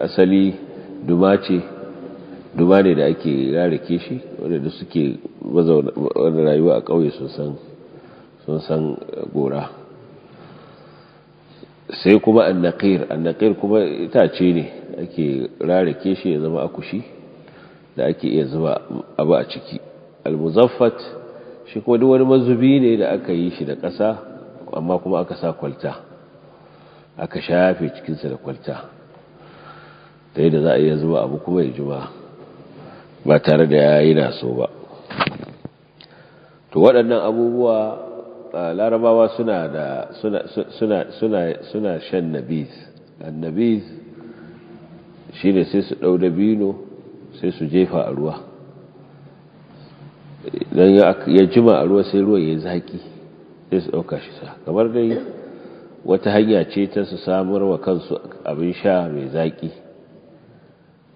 asali duma ce duma ne da ake rarrake shi wadanda suke rayuwa a ƙauye sun san sun san eh, gora sai kuma annaqir annaqir kuma itace ne ake rarake shi ya zama akushi da ake iya zuba abu a ciki almuzaffat shi kuma duk wani mazubi ne da aka yi shi da ƙasa amma kuma aka sa kwalta aka shafe cikinsa da kwalta ta da za a iya zuba abu kuma ya juma ba tare da ya yi naso ba to waɗannan abubuwa larabawa suna da suna suna suna shan nabiz annabiz shine sai su dau dabino sai su jefa a ruwa dan ya jima a ruwa sai ruwan ya zaki sai su dauka shi sa kamar dai wata hanya ce ta su samar wa kansu abin sha mai zaki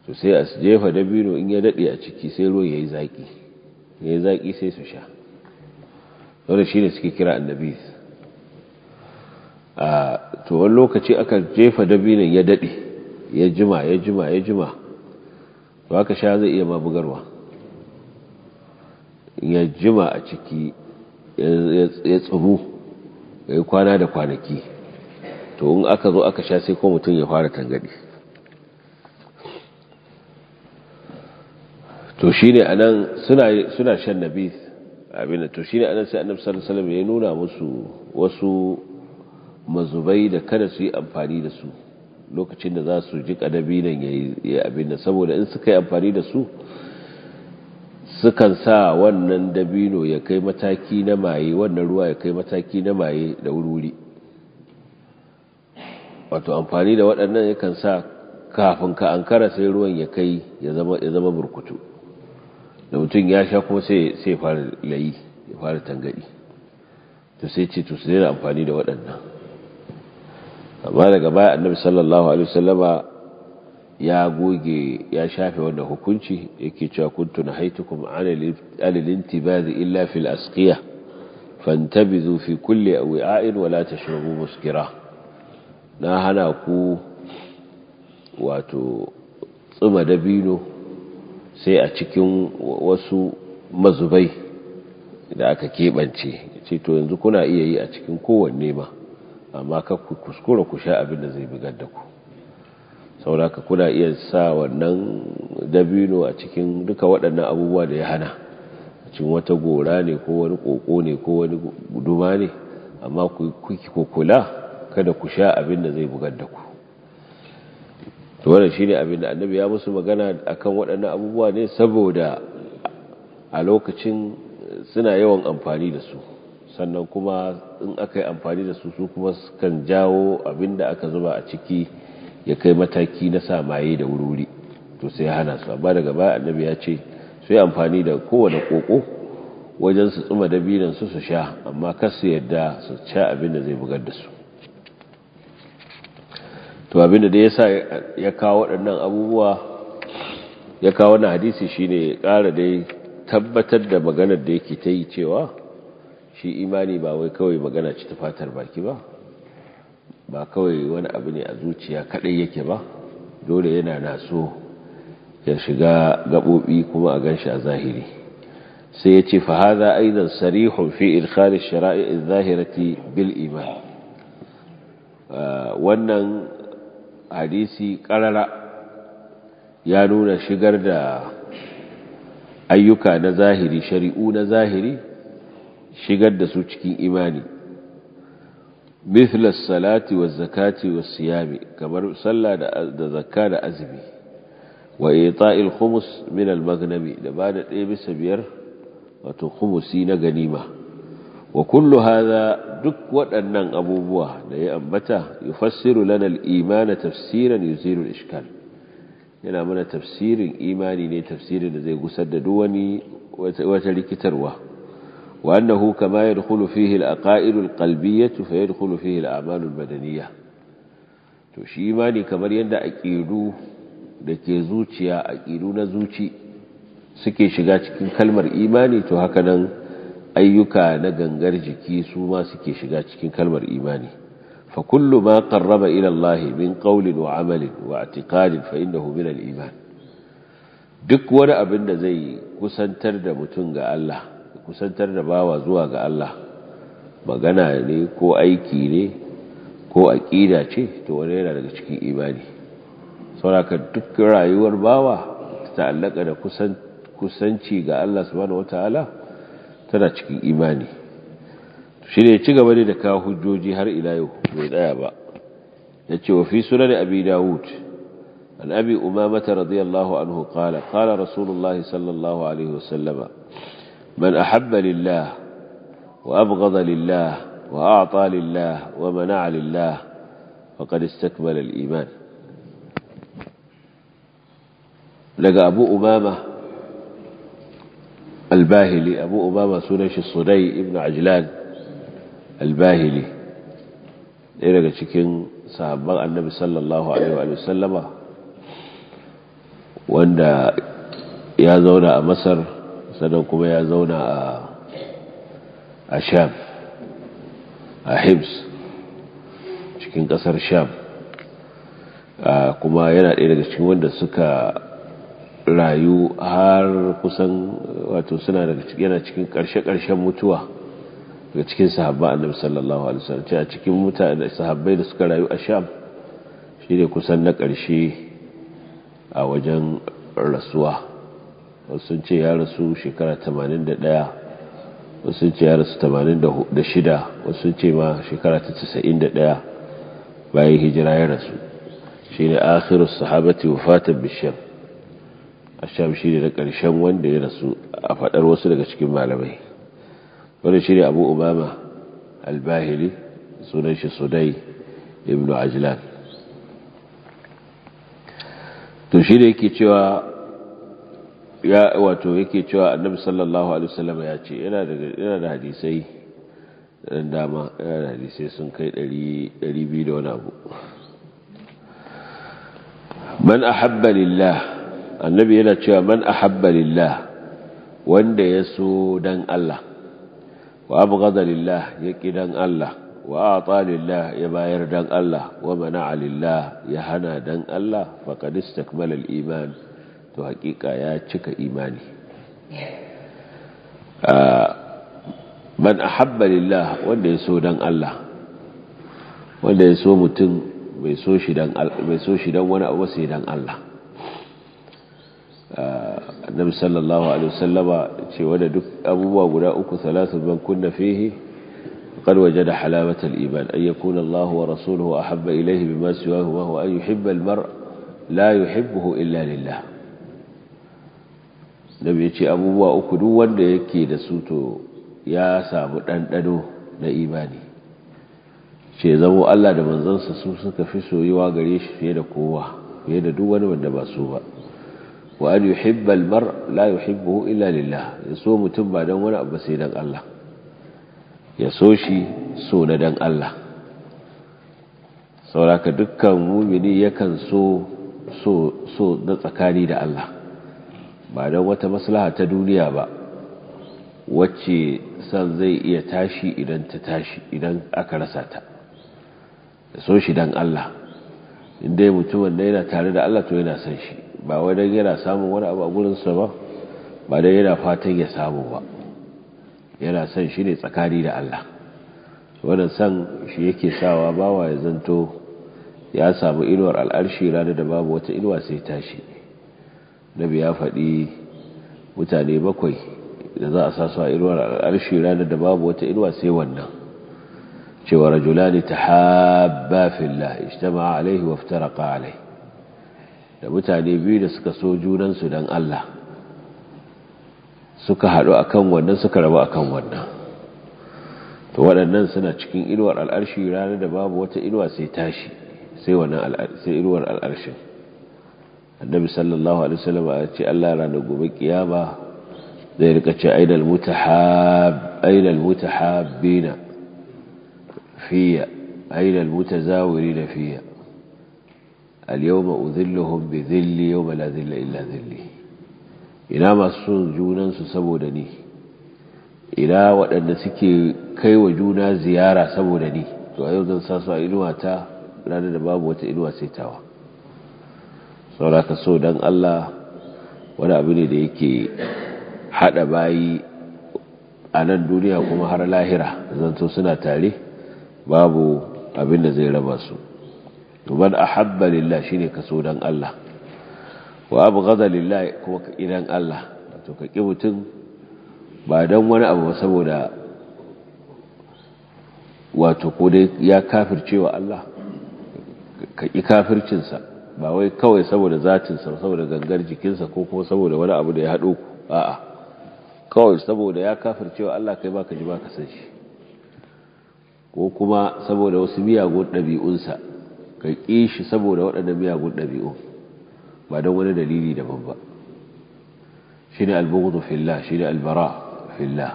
to sai a jefa dabino in ya dade a ciki sai ruwan ya yi zaki ya yi zaki sai su sha wanda shi ne suke kira annabi a wani lokaci aka jefa dabinin ya daɗe ya jima ya jima ya jima to ka sha zai iya ma bugarwa ya jima a ciki ya tsuru ya yi kwana da kwanaki to in aka zo aka sha sai ko mutum ya fara tangadi to shi ne a nan suna shan nabis. abin da to shi ne anan sai annabi sallallahu alaihi wasallam ya nuna musu wasu mazubai da kada su yi amfani da su lokacin da za su ji kadabi nan yayi abin da saboda in suka yi amfani da su sukan sa wannan dabino ya kai mataki na maye wannan ruwa ya kai mataki na maye da wuri wato amfani da waɗannan yakan sa kafin ka ankara sai ruwan ya kai ya zama burkutu da mutum ya sha kuma sai sai fara layi ya fara tangadi to sai ce to su na amfani da waɗannan amma daga baya annabi sallallahu alaihi wasallama ya goge ya shafe wanda hukunci yake cewa kuntu nahaitukum anil intibazi illa fil asqiya fantabizu fi kulli wi'a'in wala tashrabu muskira na hana ku wato tsuma dabino sai a cikin wasu mazubai da aka keɓance ce to yanzu kuna iya yi a cikin kowanne ma amma ka kuskura ku sha abin da zai bugar da ku sauraka kuna iya sa wannan dabino a cikin duka waɗannan abubuwa da ya hana a cikin wata gora ne ko wani ƙoƙo ne ko wani guduma ne amma ku kula kada ku sha abin da zai bugar da ku to wannan shine abin da annabi ya musu magana akan waɗannan abubuwa ne saboda a lokacin suna yawan amfani da su sannan kuma in aka yi amfani da su su kuma kan jawo abin da aka zuba a ciki ya kai mataki na samaye da wuri to sai hana su amma daga baya annabi ya ce su yi amfani da kowane ƙoƙo wajen su tsuma dabinan su su sha amma kar su yadda su sha abin da zai bugar da su to abinda da yasa ya kawo waɗannan abubuwa ya kawo wannan hadisi shine ƙara dai tabbatar da maganar da yake ta yi cewa shi imani ba wai kawai magana ci ta fatar baki ba ba kawai wani abu ne a zuciya kaɗai yake ba dole yana naso ya shiga gaɓoɓi kuma a ganshi a zahiri sai ya ce fahaza aizan sarihun fi ilkhali shara'i zahirati bil iman ah, wannan hadisi ƙarara ya nuna shigar da ayyuka na zahiri shari'u na zahiri shigar da su cikin imani mithlas salati wa zakati wa siyami kamar sallah da zakka da azumi wa ita'il khumus min al-maghnami da ba da ɗaya bisa biyar wato khumusi na ganima wa kullu hadha duk waɗannan abubuwa da ya ambata yufassiru lana al-imana tafsiran yuziru al-ishkal yana mana tafsirin imani ne tafsirin da zai gusar da duwani wani wata rikitarwa wa annahu kama yadkhulu fihi al-aqaidu al-qalbiyyah fa yadkhulu fihi al-a'mal al-badaniyyah to shi imani kamar yadda aqidu da ke zuciya aqidu na zuci suke shiga cikin kalmar imani to haka nan ayyuka na gangar jiki su ma suke shiga cikin kalmar imani fa kullu ma qarraba ila Allah min qawlin wa amalin wa i'tiqadin fa innahu min al-iman duk wani abin da zai kusantar da mutum ga Allah kusantar da bawa zuwa ga Allah magana ne ko aiki ne ko aqida ce to wani yana daga cikin imani saboda duk rayuwar bawa ta ta'allaka da kusanci ga Allah subhanahu wataala tana cikin imani shi ne ci gaba ne da ka hujjoji har ila yau bai daya ba ya ce wa fi sunan abi daud an abi umamata radiyallahu anhu qala qala rasulullahi sallallahu alaihi wasallama man ahabba lillah wa abghada lillah wa a'ta lillah wa mana'a lillah faqad istakmala al-iman daga abu umama albahili abu Ubaba sunan shi Sunai ibn ajlan albahili ɗaya daga cikin sahabban annabi sallallahu alaihi wa sallama wanda ya zauna a masar sannan kuma ya zauna a sham a hibs cikin ƙasar sham ah, kuma yana ɗaya daga cikin wanda suka rayu har kusan wato suna daga yana cikin karshe-karshen mutuwa daga cikin sahabba annabi sallallahu alaihi wasallam cewa cikin mutane sahabbai da suka rayu a sham shine kusan na karshe a wajen rasuwa sun ce ya rasu shekara 81 sun ce ya rasu 86 sun ce ma shekara ta 91 bayan hijira ya rasu shine akhiru sahabati wafatan bisham asham shi ne na ƙarshen wanda ya rasu a faɗar wasu daga cikin malamai wani shi ne abu obama albahiri sunan shi sudai ibn ajlan to shi ne yake cewa ya wato yake cewa annabi sallallahu alaihi wasallam ya ce yana da hadisai dan dama yana da hadisai sun kai 200 da wani abu man ahabba lillah annabi yana cewa man ahabba lillah wanda ya so dan Allah wa abghada lillah ya ki dan Allah wa ata lillah ya bayar dan Allah wa mana'a lillah ya hana dan Allah faqad istakmala al-iman to hakika ya cika imani ah, man ahabba lillah wanda ya so dan Allah wanda ya so mutum bai so shi dan wani abu sai dan Allah annabi sallallahu alaihi wasallama cewa da duk abubuwa guda uku salatu ban kunna fihi qad wajada halawata al-iman ay yakuna Allah wa rasuluhu ahabba ilayhi bima siwahu wa huwa an yuhibba al-mar la yuhibbuhu illa lillah nabi yace abubuwa uku duk wanda yake da su to ya samu dandano na imani ce zamo Allah da manzansa su suka fi soyuwa gare shi fiye da kowa fiye da duk wani wanda ba su ba wa an yuhibba almar la illa lillah ya mutum ba wani abu sai dan Allah ya so shi so na dan Allah sauraka dukkan mumini yakan so so so na tsakani da Allah ba dan wata maslaha ta duniya ba wacce san zai iya tashi idan ta tashi idan aka rasa ta ya shi dan Allah dai mutum wanda yana tare da Allah to yana san shi ba wai don yana samun wani abu a gurinsa ba ba don yana fatan ya samu ba yana son shi ne tsakani da Allah wannan son shi yake sawa bawa ya zanto ya samu inuwar al'arshi ranar da babu wata inuwa sai tashi na biya faɗi mutane bakwai da za a sa a inuwar al'arshi ranar da babu wata inuwa sai wannan cewa rajulani tahabba fillah ijtama'a alaihi wa iftaraqa alaihi da mutane biyu da suka so junansu don Allah suka haɗu a kan wannan suka rabu a kan wannan to waɗannan suna cikin inuwar al'arshi ranar da babu wata inuwa sai tashi sai wannan inuwar al'arshin annabi sallallahu alaihi wasallam ya ce Allah ranar gobe kiyama zai rika ce aidal mutahab aidal mutahabina fiya aidal mutazawirina fiya al-yawma udhilluhum bi dhilli yawma la dhilla illa dhilli ina masu son junan su saboda ni ina waɗanda suke kaiwa juna ziyara saboda ni to a yau zan sa a inuwa ta ranar da babu wata inuwa sai tawa saboda ka so dan Allah wani abu ne da yake hada bayi a nan duniya kuma har lahira zanto suna tare babu abin da zai raba su to man ahabba lillah shine kaso dan Allah wa abghada lillahi kuma ka idan Allah to ka ki mutum ba dan wani abu saboda wato ko dai ya kafirce wa Allah ka ki kafircinsa ba wai kawai saboda zatinsa saboda gangar jikinsa ko kuma saboda wani abu da ya hado ku a'a kawai saboda ya kafirce wa Allah kai baka ji baka san shi ko kuma saboda wasu miyagun sa. ka ƙi shi saboda waɗannan miyagun ɗabi'u ba don wani dalili daban ba shi ne albugudu fillah shi ne albara fillah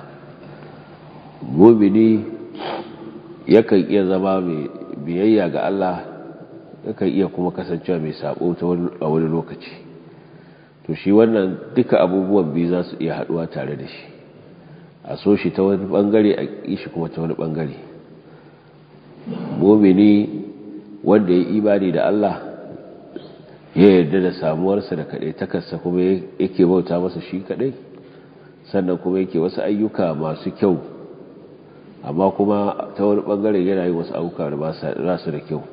mumini yakan iya zama mai biyayya ga Allah yakan iya kuma kasancewa mai saɓo a wani lokaci to shi wannan duka abubuwan biyu za su iya haɗuwa tare da shi a so shi ta wani ɓangare a ƙi shi kuma ta wani ɓangare mumini wanda ya ibadi da Allah ya yarda da samuwarsa da kaɗai takarsa kuma yake bauta masa shi kaɗai sannan kuma yake wasu ayyuka masu kyau amma kuma ta wani bangare yana yi wasu ayyuka da ba su da kyau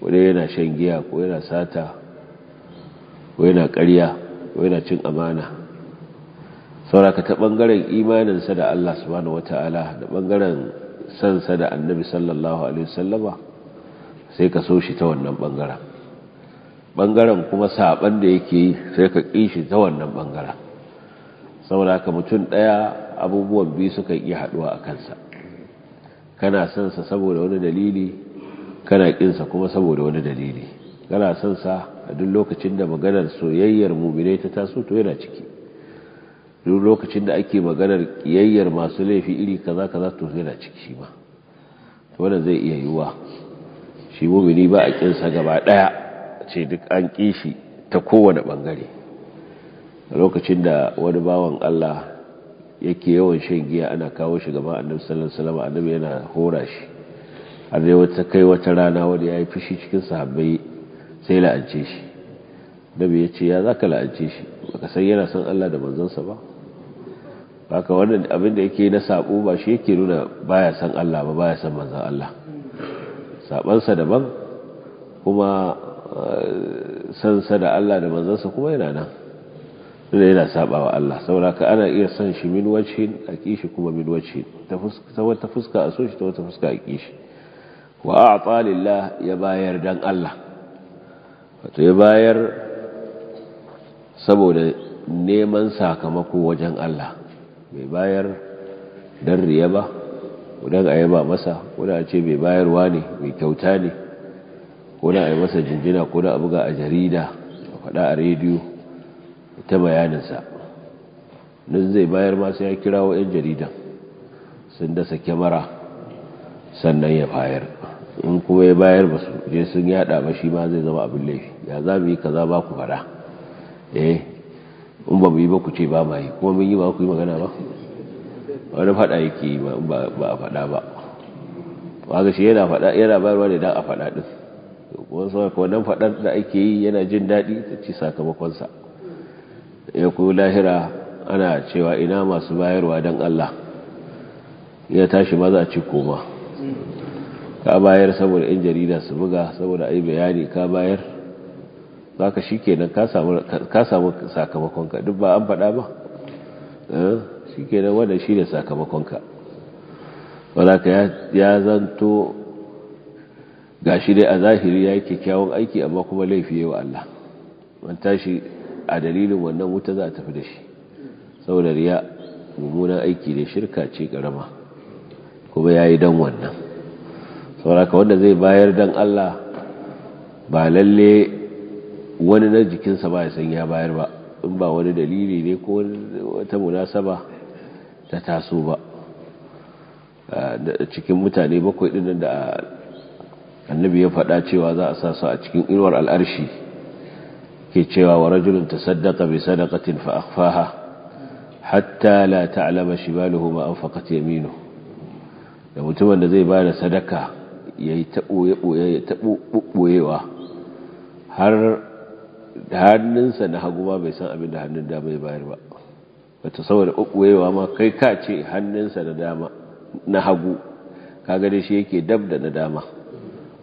wani yana shan giya ko yana sata ko yana ƙarya ko yana cin amana sauraka ta ɓangaren imaninsa da Allah subhanahu wata'ala da bangaren sansa da annabi sallallahu alaihi wasallama sai ka so shi ta wannan bangaren bangaren kuma saban da yake yi sai ka ƙi shi ta wannan bangaren saboda haka mutum ɗaya abubuwan biyu suka iya haɗuwa a kansa kana son sa saboda wani dalili kana ƙinsa kuma saboda wani dalili kana son sa a duk lokacin da maganar soyayyar muminai ta taso to yana ciki duk lokacin da ake maganar kiyayyar masu laifi iri kaza kaza to yana ciki shi ma to wannan zai iya yiwuwa shi mumini ba a kinsa gaba daya ce duk an kishi ta kowane bangare lokacin da wani bawan Allah yake yawan shan giya ana kawo shi gaba annabi sallallahu alaihi wasallam annabi yana hora shi dai wata kai wata rana wani yayi fishi cikin sahabbai sai la'ance shi nabi ya ce ya zaka la'ance shi baka san yana son Allah da manzansa ba baka wannan abin da yake na sabo ba shi yake nuna baya san Allah ba baya san manzan Allah sabansa daban kuma eh, sansa da Allah da manzansa kuma yana nan da yana sabawa Allah saboda ana iya san shi min wacce a kishi kuma min wacce ta wata fuska a so shi ta wata fuska a kishi wa a'ta lillah ya bayar dan Allah wato ya bayar saboda neman sakamako wajen Allah bai bayar dan riya ba kudan a yaba masa kudan a ce mai bayarwa ne mai kyauta ne kudan a yi masa jinjina ko na a buga a jarida a faɗa a rediyo ta bayaninsa nan zai bayar masu ya kirawo 'yan jaridan sun dasa kyamara sannan ya bayar in kuma ya bayar ba je sun yada ba shi ma zai zama abin laifi ya za mu yi kaza ba ku faɗa eh in ba mu yi ba ku ce ba ma yi kuma mun yi ba ku yi magana ba wani fada yake ba a fada ba waga shi yana fada yana bayarwa da dan a fada din wasu ko nan fadar da ake yi yana jin dadi ta ci sakamakon sa ya ku lahira ana cewa ina masu bayarwa dan Allah ya tashi maza ci koma ka bayar saboda yan jarida su buga saboda ai bayani ka bayar zaka shikenan ka samu ka samu sakamakon ka duk ba an fada ba eh? shi ke nan wannan shi ne sakamakonka ka ya zanto ga shi dai a zahiri ya yi kyakkyawan aiki amma kuma laifi yawa Allah man tashi a dalilin wannan wuta za a tafi da shi saboda riya mummunan aiki ne shirka ce karama kuma ya yi dan wannan sauraka wanda zai bayar dan Allah ba lalle wani na jikinsa ba ya san bayar ba in ba wani dalili ne ko wata munasaba ta taso ba cikin mutane bakwai ɗin da annabi ya faɗa cewa za a sa a cikin inuwar al'arshi ke cewa wa rajulun ta saddaka bai sadakatin fa'afaha hatta la ta'alama shi ba luhu an faƙat yaminu da mutumin da zai ba da sadaka ya yi taɓoyewa har hannunsa na hagu ba bai san abin da hannun da bai bayar ba wata saboda ukuwewa ma kai ka ce hannunsa na dama na hagu kaga dai shi yake dab da na dama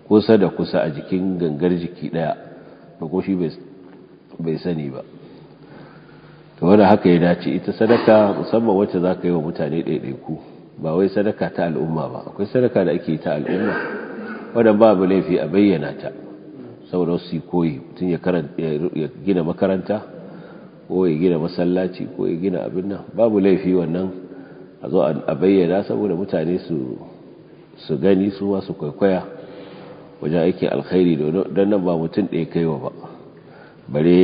kusa da kusa a jikin gangar jiki daya ba ko shi bai sani ba to wanda haka ya dace ita sadaka musamman wacce za ka yi wa mutane ɗaiɗaiku ba wai sadaka ta al'umma ba akwai sadaka da ake ta al'umma wadda babu laifi a bayyana ta saboda wasu koyi mutum ya gina makaranta ko ya gina masallaci ko ya gina abin nan babu laifi wannan a zo a bayyana saboda mutane su gani su ma su kwaikwaya wajen aiki alkhairi don nan ba mutum ɗaya wa ba bare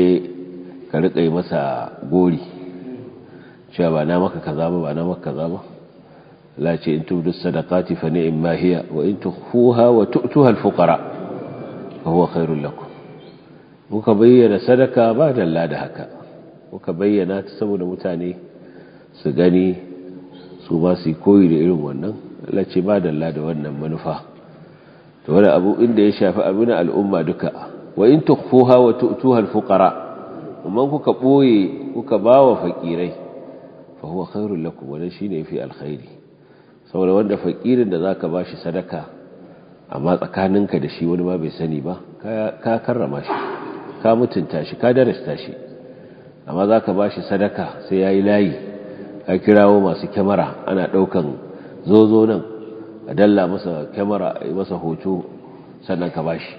ka riƙa yi masa gori cewa ba na maka kaza ba ba na maka kaza ba la ce in tubdu sadaqati fa ni'im in mahiya wa in tuhuha wa tu'tuha al-fuqara fa huwa khairul lakum muka bayyana sadaka ba dalla da haka kuka bayyana ta saboda mutane su gani su ba su koyi da irin wannan Allah ba da da wannan manufa to wani abu inda ya shafi abin na al'umma duka wa in tukhuha wa tu'tuha al-fuqara amma kuka boye kuka ba wa fakirai fa huwa khairul lakum wannan shine fi alkhairi saboda wanda fakirin da zaka bashi sadaka amma tsakaninka da shi wani ma bai sani ba ka karrama shi ka mutunta shi ka darasta shi amma za ka ba shi sadaka sai ya yi layi a kirawo masu kyamara ana ɗaukan zozo nan a dalla masa kyamara a yi masa hoto sannan ka ba shi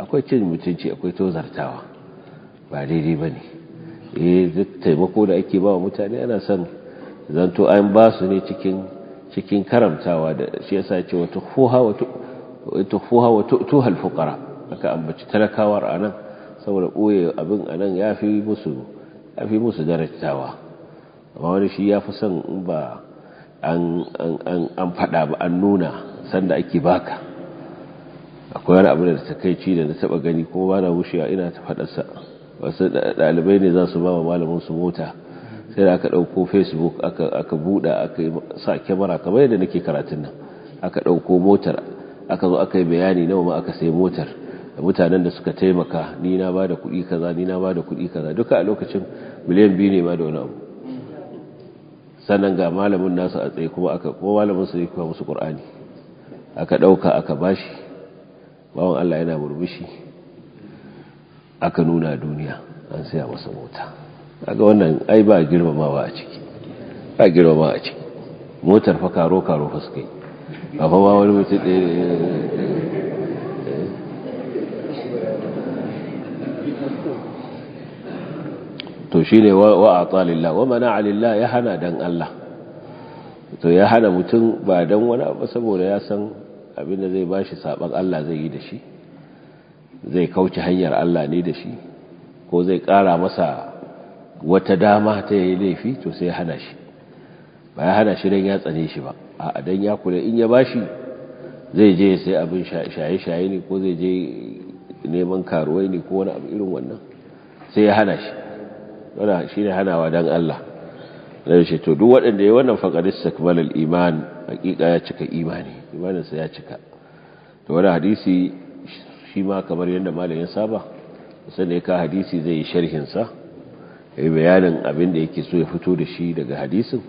akwai cin mutunci akwai tozartawa ba daidai ba ne eh duk taimako da ake ba wa mutane ana son zanto an ba su ne cikin karamtawa da shi yasa ce wata tukhuha wa tukhuha tuhal fuqara aka ambaci talakawar anan saboda ɓoye abin anan yafi musu a fi musu darajtawa amma wani shi ya fi son ba an fada ba an nuna sanda ake baka akwai wani abu da ta kai ci da na taba gani kuma ba na wushewa ina ta fadarsa wasu dalibai ne za su ba wa malamin su mota sai da aka ɗauko facebook aka buɗa aka sa kyamara kamar yadda nake karatun nan aka ɗauko motar aka zo aka yi bayani nawa ma aka sai motar da mutanen da suka taimaka ni na ba da kuɗi kaza ni na ba da kuɗi kaza duka a lokacin miliyan biyu ne ma da wani abu sannan ga malamin nasu a tsaye kuma aka kuma malamin su kuma musu qur'ani aka dauka aka bashi bawan Allah yana murmushi aka nuna duniya an saya masa mota kaga wannan ai ba girmamawa a ciki ba girmamawa a ciki motar fa karo karo fa suka yi ba fa wani mutum ɗaya to shi wa ata lillah wa mana alillah ya hana dan Allah to ya hana mutum ba dan wani abu saboda ya san abin da zai shi sabon Allah zai yi da shi zai kauce hanyar Allah ne da shi ko zai kara masa wata dama ta yi laifi to sai ya hana shi ba ya hana shi dan ya tsane shi ba a dan ya kula in ya ba shi zai je sai abin shaye-shaye ne ko zai je neman karuwai ne ko wani abu irin wannan sai ya hana shi wana shi ne hanawa don Allah na shi to duk waɗanda ya wannan faƙaris sakmalar iman hakika ya cika imani imaninsa ya cika to wani hadisi shi ma kamar yadda ya saba sannan ya ka hadisi zai yi sharhinsa ya yi bayanin abin da yake so ya fito da shi daga hadisin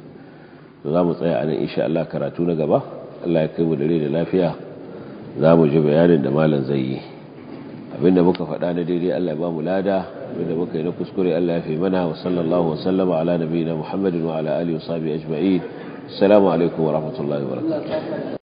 to za mu tsaya a nan insha Allah karatu na gaba Allah ya kai mu da rai da lafiya za mu ji bayanin da malam zai yi abin da muka faɗa na daidai Allah ya ba mu lada da muka yi na kuskure Allah ya fi mana wa sallallahu wa sallama ala nabiyina Muhammadin wa ala ali wa sahbihi ajma'in assalamu alaikum wa rahmatullahi wa barakatuh